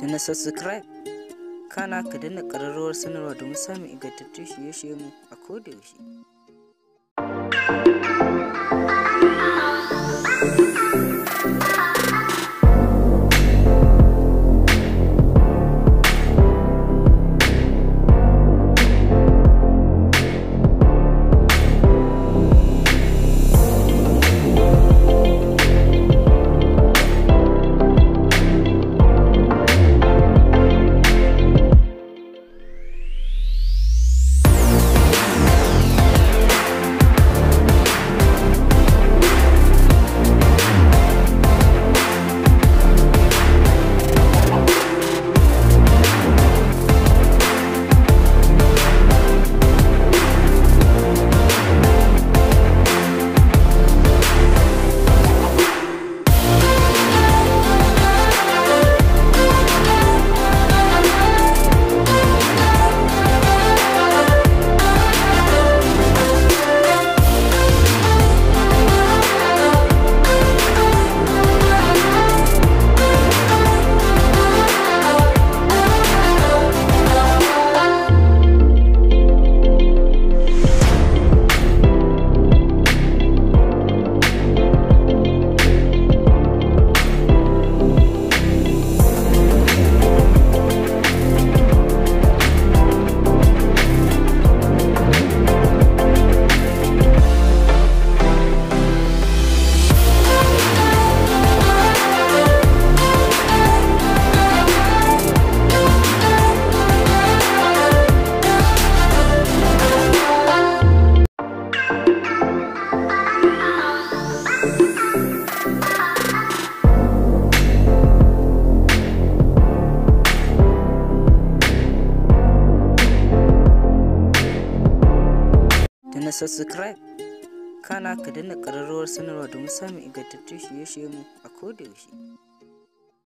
da na subscribe kana ka dana kararrawar sanarwa domin samun ingantattun shirye-shirye mu a kodayaushe na subscribe kana ka dana ƙararrawar sanarwa domin samun ingantattun shirye-shirye mu a kodayaushe